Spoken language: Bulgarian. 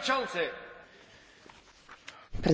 przewodniczący!